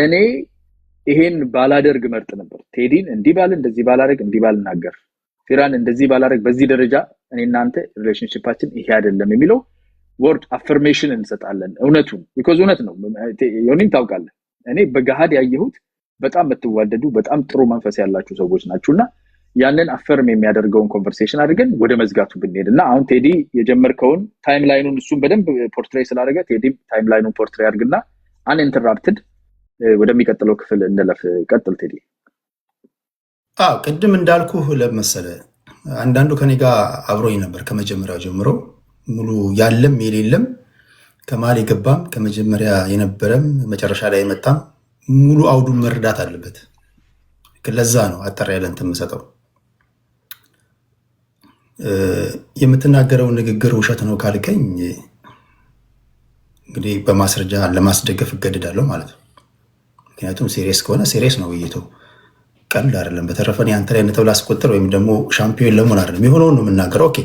እኔ ይሄን ባላደርግ መርጥ ነበር። ቴዲን እንዲህ ባል እንደዚህ ባላደርግ እንዲህ ባልናገር፣ ፊራን እንደዚህ ባላደርግ፣ በዚህ ደረጃ እኔ እናንተ ሪሌሽንሽፓችን ይሄ አይደለም የሚለው ወርድ አፈርሜሽን እንሰጣለን። እውነቱን ቢኮዝ እውነት ነው። ዮኒም ታውቃለህ፣ እኔ በገሃድ ያየሁት በጣም የምትዋደዱ በጣም ጥሩ መንፈስ ያላችሁ ሰዎች ናችሁ እና ያንን አፈርም የሚያደርገውን ኮንቨርሴሽን አድርገን ወደ መዝጋቱ ብንሄድ እና አሁን ቴዲ የጀመርከውን ታይም ላይኑን እሱን በደንብ ፖርትሬ ስላደረገ ቴዲ ታይም ላይኑን ፖርትሬ አድርግና አንኢንተራፕትድ ወደሚቀጥለው ክፍል እንለፍ። ቀጥል ቴዲ። አዎ ቅድም እንዳልኩ ለመሰለ አንዳንዱ ከኔ ጋር አብሮኝ ነበር ከመጀመሪያ ጀምሮ ሙሉ ያለም የሌለም ከመሀል የገባም ከመጀመሪያ የነበረም መጨረሻ ላይ የመጣም ሙሉ አውዱን መረዳት አለበት። ለዛ ነው አጠር ያለ እንትን የምሰጠው። የምትናገረው ንግግር ውሸት ነው ካልከኝ እንግዲህ በማስረጃ ለማስደገፍ እገድዳለሁ ማለት ነው። ምክንያቱም ሴሪየስ ከሆነ ሴሪየስ ነው ውይይቱ፣ ቀልድ አይደለም። በተረፈን አንተ ላይ ነጥብ ላስቆጥር ወይም ደግሞ ሻምፒዮን ለመሆን አይደለም የሆነውን ነው የምናገረው። ኦኬ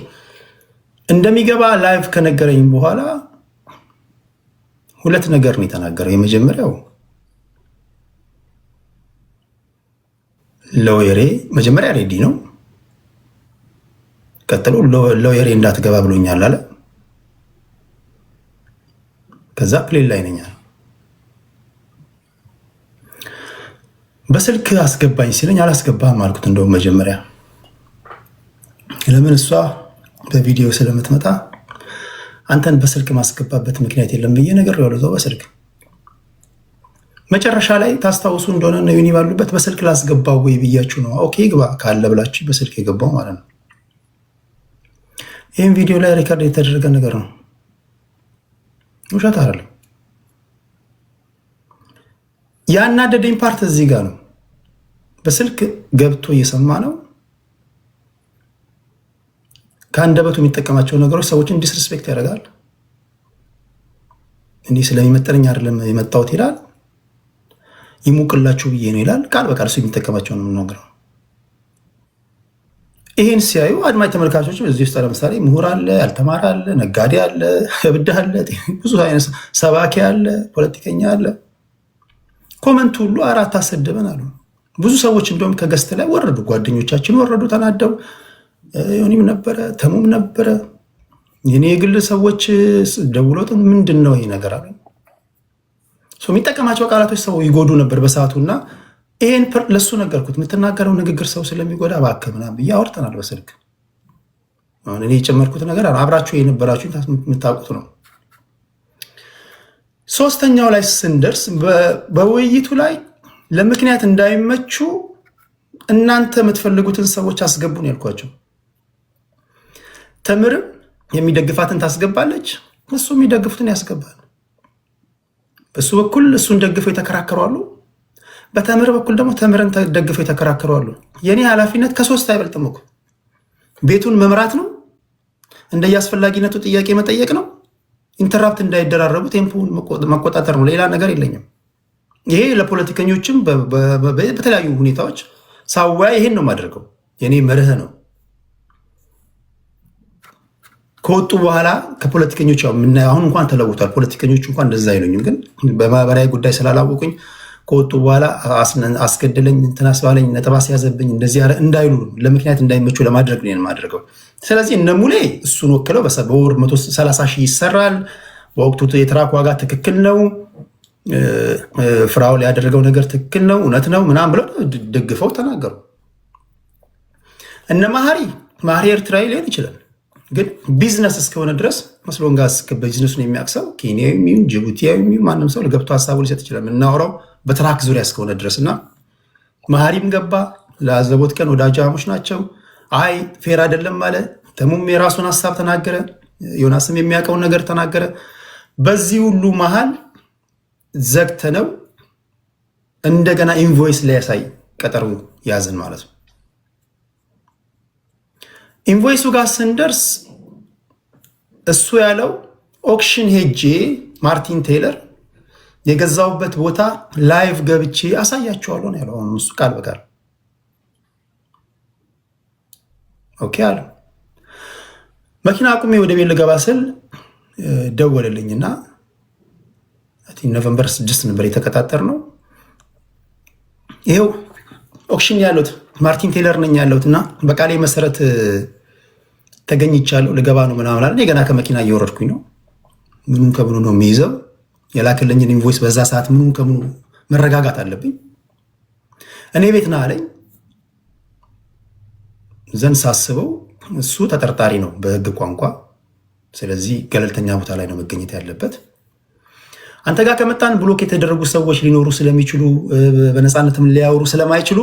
እንደሚገባ ላይቭ ከነገረኝ በኋላ ሁለት ነገር ነው የተናገረው። የመጀመሪያው ሎየሬ መጀመሪያ ሬዲ ነው፣ ቀጥሎ ሎየሬ እንዳትገባ ብሎኛል አለ። ከዛ ፕሌን ላይ ነኛል በስልክ አስገባኝ ሲለኝ አላስገባ አልኩት። እንደውም መጀመሪያ ለምን እሷ በቪዲዮ ስለምትመጣ አንተን በስልክ ማስገባበት ምክንያት የለም ብዬ ነገር ያወለዘው በስልክ መጨረሻ ላይ ታስታውሱ እንደሆነ ነው ዩኒ ባሉበት በስልክ ላስገባው ወይ ብያችሁ ነው። ኦኬ ግባ ካለ ብላችሁ በስልክ የገባው ማለት ነው። ይህም ቪዲዮ ላይ ሪከርድ የተደረገ ነገር ነው። ውሸት አይደለም። ያናደደኝ ፓርት እዚህ ጋር ነው። በስልክ ገብቶ እየሰማ ነው። ከአንደበቱ የሚጠቀማቸው ነገሮች ሰዎችን ዲስሪስፔክት ያደርጋል። እኔ ስለሚመጠነኝ አይደለም የመጣሁት ይላል። ይሙቅላችሁ ብዬ ነው ይላል። ቃል በቃል እሱ የሚጠቀማቸው ነው ይህን ሲያዩ አድማጭ ተመልካቾች እዚህ ውስጥ ለምሳሌ ምሁር አለ፣ ያልተማረ አለ፣ ነጋዴ አለ፣ እብድ አለ፣ ብዙ አይነት ሰባኪ አለ፣ ፖለቲከኛ አለ ኮመንት ሁሉ አራት አሰደበን አሉ። ብዙ ሰዎች እንደውም ከገስት ላይ ወረዱ፣ ጓደኞቻችን ወረዱ ተናደው። ዮኒም ነበረ ተሙም ነበረ። የኔ የግል ሰዎች ደውሎት ምንድን ነው ይሄ ነገር አሉ። የሚጠቀማቸው ቃላቶች ሰው ይጎዱ ነበር በሰዓቱ እና ይሄን ለሱ ነገርኩት። የምትናገረው ንግግር ሰው ስለሚጎዳ እባክህ ምናምን ብዬ አውርተናል በስልክ። እኔ የጨመርኩት ነገር አብራችሁ የነበራችሁ የምታውቁት ነው። ሶስተኛው ላይ ስንደርስ በውይይቱ ላይ ለምክንያት እንዳይመቹ እናንተ የምትፈልጉትን ሰዎች አስገቡ ነው ያልኳቸው። ተምርም የሚደግፋትን ታስገባለች፣ እሱ የሚደግፉትን ያስገባል። በእሱ በኩል እሱን ደግፈው የተከራከሯሉ፣ በተምር በኩል ደግሞ ተምርን ደግፈው የተከራከሯሉ። የኔ ኃላፊነት ከሶስት አይበልጥም እኮ ቤቱን መምራት ነው፣ እንደየአስፈላጊነቱ ጥያቄ መጠየቅ ነው ኢንተራፕት እንዳይደራረጉ ቴምፖን መቆጣጠር ነው። ሌላ ነገር የለኝም። ይሄ ለፖለቲከኞችም በተለያዩ ሁኔታዎች ሳወያ ይሄን ነው የማደርገው። የኔ መርህ ነው። ከወጡ በኋላ ከፖለቲከኞች አሁን እንኳን ተለውቷል። ፖለቲከኞች እንኳን እንደዛ አይሉኝም፣ ግን በማህበራዊ ጉዳይ ስላላወቁኝ ከወጡ በኋላ አስገደለኝ እንትን አስባለኝ ነጥብ አስያዘብኝ እንደዚህ ያለ እንዳይሉ ለምክንያት እንዳይመቹ ለማድረግ ነው የማደርገው። ስለዚህ እነ ሙሌ እሱን ወክለው በወር 130 ሺህ ይሰራል። በወቅቱ የትራክ ዋጋ ትክክል ነው፣ ፍራኦል ያደረገው ነገር ትክክል ነው፣ እውነት ነው ምናምን ብለው ደግፈው ተናገሩ። እነ ማህሪ ማህሪ ኤርትራዊ ሊሆን ይችላል፣ ግን ቢዝነስ እስከሆነ ድረስ መስሎን መስሎንጋስ በቢዝነሱን የሚያቅሰው ኬንያዊም ይሁን ጅቡቲያዊም ይሁን ማንም ሰው ለገብቶ ሀሳቡ ሊሰጥ ይችላል። የምናወራው በትራክ ዙሪያ እስከሆነ ድረስ እና መሀሪም ገባ ለአዘቦት ቀን ወዳጃሞች ናቸው። አይ ፌር አይደለም አለ። ተሙም የራሱን ሀሳብ ተናገረ። ዮናስም የሚያውቀውን ነገር ተናገረ። በዚህ ሁሉ መሀል ዘግተነው እንደገና ኢንቮይስ ሊያሳይ ቀጠሩ ያዝን ማለት ነው። ኢንቮይሱ ጋር ስንደርስ እሱ ያለው ኦክሽን ሄጄ ማርቲን ቴይለር የገዛውበት ቦታ ላይቭ ገብቼ አሳያቸዋለሁ ነው ያለው። እሱ ቃል በቃል ኦኬ አለ። መኪና አቁሜ ወደ ቤት ልገባ ስል ደወለልኝና ኖቨምበር ስድስት ነበር የተቀጣጠር ነው። ይሄው ኦክሽን ያሉት ማርቲን ቴይለር ነኝ ያለሁት እና በቃሌ መሰረት ተገኝቻለሁ ልገባ ነው ምናምን አለ። ገና ከመኪና እየወረድኩኝ ነው። ምኑን ከምኑ ነው የሚይዘው? የላክልኝን ኢንቮይስ በዛ ሰዓት ምኑን ከምኑ መረጋጋት አለብኝ። እኔ ቤት ና አለኝ። ዘንድ ሳስበው እሱ ተጠርጣሪ ነው በህግ ቋንቋ። ስለዚህ ገለልተኛ ቦታ ላይ ነው መገኘት ያለበት። አንተ ጋር ከመጣን ብሎክ የተደረጉ ሰዎች ሊኖሩ ስለሚችሉ በነፃነትም ሊያወሩ ስለማይችሉ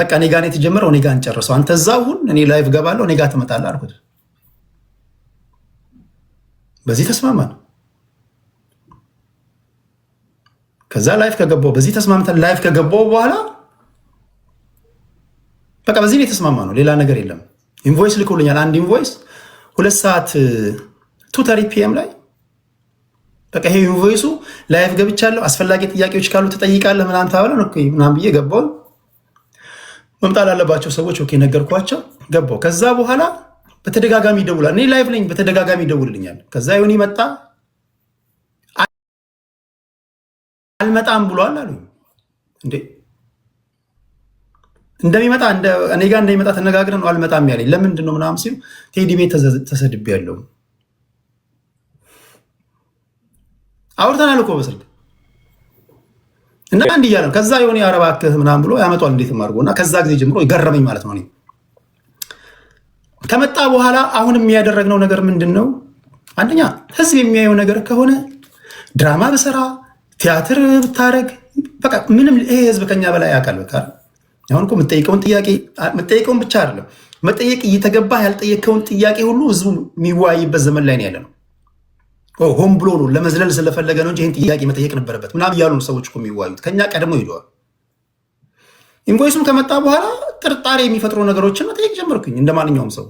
በቃ እኔ ጋ ነው የተጀመረው፣ እኔ ጋ እንጨርሰው። አንተ እዛ ሁን፣ እኔ ላይቭ ገባለሁ፣ እኔ ጋ ትመጣለህ አልኩት። በዚህ ተስማማን። ከዛ ላይፍ ከገባው በዚህ ተስማምተን ላይፍ ከገባው በኋላ በቃ በዚህ ነው የተስማማ ነው። ሌላ ነገር የለም። ኢንቮይስ ልኮልኛል። አንድ ኢንቮይስ ሁለት ሰዓት ቱ ተሪ ፒኤም ላይ በቃ ይሄ ኢንቮይሱ ላይፍ ገብቻለሁ፣ አስፈላጊ ጥያቄዎች ካሉ ትጠይቃለህ ምናምን ታበለን ምናምን ብዬ ገባው። መምጣት ላለባቸው ሰዎች ኦኬ ነገርኳቸው፣ ገባው ከዛ በኋላ በተደጋጋሚ ይደውላል። እኔ ላይቭ ነኝ፣ በተደጋጋሚ ይደውልልኛል። ከዛ ዮኒ መጣ አልመጣም ብሏል አሉ። እንዴ እንደሚመጣ እኔ ጋር እንደሚመጣ ነው አልመጣም ያለኝ ለምንድን ነው ምናምን ሲሉ ቴዲ ቤት ተሰድቤ ያለው አውርተናል እኮ በስልክ እና እንዲህ እያለ ከዛ የሆነ የአረባ ክህ ምናምን ብሎ ያመጧል እንዴትም አድርጎ እና ከዛ ጊዜ ጀምሮ ይገረመኝ ማለት ነው እኔ ከመጣ በኋላ አሁንም የሚያደረግነው ነገር ምንድን ነው? አንደኛ ህዝብ የሚያየው ነገር ከሆነ ድራማ ብሰራ ቲያትር ብታደረግ በቃ ምንም ይሄ ህዝብ ከኛ በላይ ያውቃል። በቃ አሁን እኮ የምጠይቀውን ጥያቄ የምጠይቀውን ብቻ አይደለም መጠየቅ እየተገባ ያልጠየቀውን ጥያቄ ሁሉ ህዝቡ የሚወያይበት ዘመን ላይ ነው ያለ ነው። ሆን ብሎ ነው ለመዝለል ስለፈለገ ነው እንጂ ይህን ጥያቄ መጠየቅ ነበረበት ምናምን እያሉ ሰዎች የሚዋዩት ከኛ ቀድሞ ሄደዋል። ኢንቮይሱም ከመጣ በኋላ ጥርጣሬ የሚፈጥሩ ነገሮችን መጠየቅ ጀመርኩኝ። እንደ ማንኛውም ሰው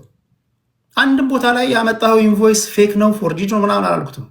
አንድም ቦታ ላይ ያመጣኸው ኢንቮይስ ፌክ ነው ፎርጂጅ ነው ምናምን አላልኩትም።